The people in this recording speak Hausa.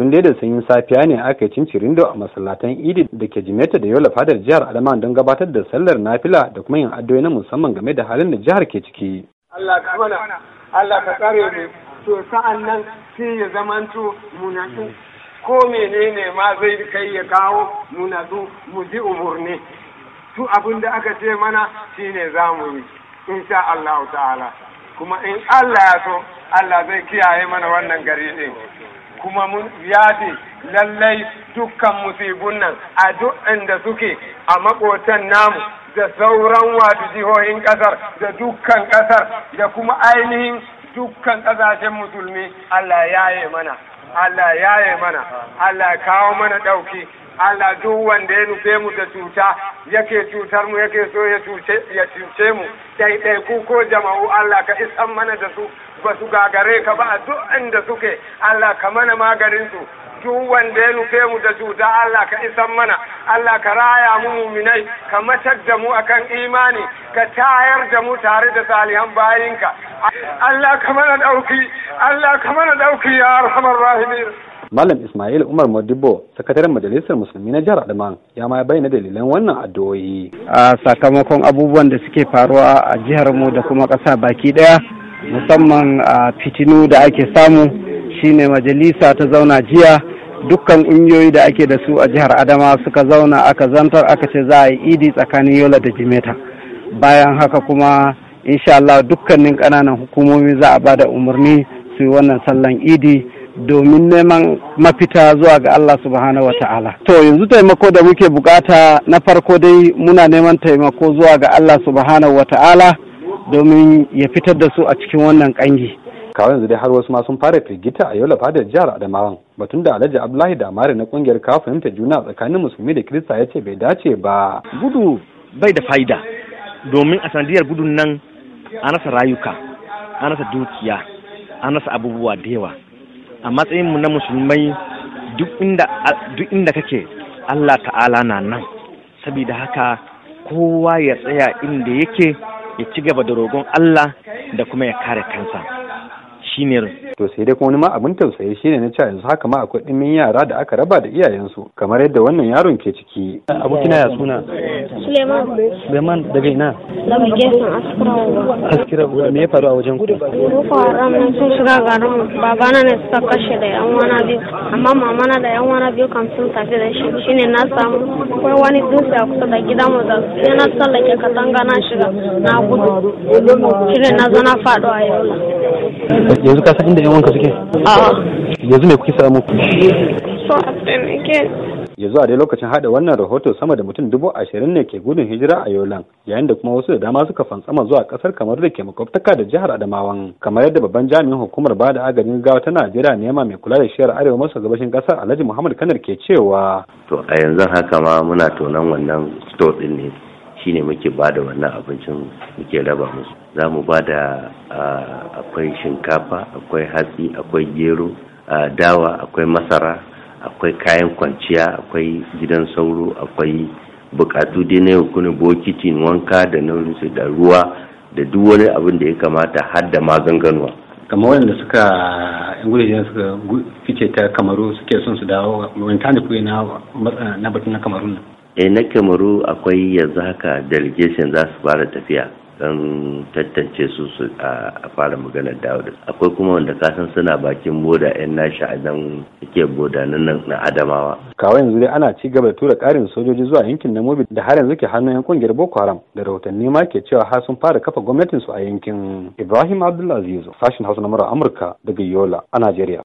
tun dai da sanyin safiya ne aka yi rindo a masallatan idi da ke jimeta da yola fadar jihar adama don gabatar da sallar nafila da kuma yin addu'o'i na musamman game da halin da jihar ke ciki Allah ka mana Allah ka tsare mu to sa'an nan sai ya zamanto munatu ko menene ma zai kai ya kawo munatu mu ji umurni su abin da aka ce mana shine zamu yi insha Allah ta'ala kuma in Allah ya so Allah zai kiyaye mana wannan gari din kuma mun yafe lallai dukkan musibun nan a duk inda suke a makotan namu da sauran wato jihohin kasar da dukkan kasar da kuma ainihin dukkan kasashen musulmi Allah ya yi mana Allah ya yi mana Allah kawo mana ɗauki Allah duk wanda ya nufe mu da cuta yake cutar mu yake so ya cuce mu dai ku ko jama'u Allah ka isan mana da su ba su gagare ka ba a duk inda suke Allah ka mana maganin su duk wanda ya nufe mu da cuta Allah ka isan mana Allah ka raya mu muminai ka matar da mu akan imani ka tayar da mu tare da salihan bayinka Allah ka mana dauki Allah ka mana dauki ya arhamar rahimin Malam Ismail Umar Modibo, sakataren Majalisar Musulmi na Jihar Adaman, ya ma bayyana dalilan wannan addu'o'i. A sakamakon abubuwan da suke faruwa a jihar mu da kuma ƙasa baki ɗaya, musamman a fitinu da ake samu, shine majalisa ta zauna jiya dukkan ƙungiyoyi da ake da su a jihar Adama suka zauna aka zantar aka ce za a yi idi tsakanin Yola da Jimeta. Bayan haka kuma insha Allah dukkanin ƙananan hukumomi za a ba da umarni su yi wannan sallan idi domin neman mafita zuwa ga Allah subhanahu wa ta'ala. To yanzu taimako da muke bukata na farko dai muna neman taimako zuwa ga Allah subhanahu wa ta'ala domin ya fitar da su a cikin wannan kangi. Kawai yanzu dai har wasu ma sun fara firgita a yola fadar jihar Adamawan. Batun da Alhaji Abdullahi da Amare na kungiyar kafin fahimta juna tsakanin musulmi da Kirista ya ce bai dace ba. Gudu bai da fa'ida domin a sanadiyar gudun nan an rasa rayuka an rasa dukiya an rasa abubuwa da yawa a matsayin mu na musulmai duk inda duk inda kake Allah ta'ala na nan saboda haka kowa ya tsaya inda yake ya ci gaba da rogon Allah da kuma ya kare kansa mutumiyar. To sai dai kuma wani ma abin tausayi shine na cewa yanzu haka ma akwai ɗimin yara da aka raba da iyayensu kamar yadda wannan yaron ke ciki. Abokina ya suna? Suleiman. Suleiman daga ina? Daga gefen Askirawa. Askirawa me ya faru a wajen ku? Boko Haram nan sun shiga garin babana ne suka kashe da yan wana biyu amma mamana da yan wana biyu kam sun tafi da shi shine na samu akwai wani dutse a kusa da gidanmu da sai na tsallake katanga na shiga na gudu shine na zo na faɗo a yau. yanzu ka san inda yan wanka suke yanzu me kuke samu yanzu a dai lokacin hada wannan rahoto sama da mutum dubu ashirin ne ke gudun hijira a yolan yayin da kuma wasu da dama suka fantsama zuwa kasar kamar da ke makwabtaka da jihar adamawan kamar yadda babban jami'in hukumar ba da agajin gawa ta najeriya nema mai kula da shiyar arewa maso gabashin kasar alhaji muhammad kanar ke cewa to a yanzu haka ma muna tonon wannan store din ne shine muke ba da wannan abincin muke raba musu za mu ba da akwai shinkafa akwai hatsi akwai gero dawa akwai masara akwai kayan kwanciya akwai gidan sauro akwai bukatu dai na yau bokitin wanka da na da ruwa da duk wani abin da ya kamata har da maganganuwa kamar waɗanda suka yan da suka fice ta kamaru suke son su dawo wani tani na batun na kamarun e na kamaru akwai yanzu haka delegation za su fara tafiya don tantance su su a fara maganar dawo da akwai kuma wanda san suna bakin boda yan nashi a dan suke boda nan na adamawa kawo yanzu dai ana ci gaba da tura karin sojoji zuwa yankin na mobi da har yanzu ke hannun yan kungiyar boko haram da rahotanni ma ke cewa har sun fara kafa gwamnatin su a yankin ibrahim abdulaziz sashin hausa na mara amurka daga yola a najeriya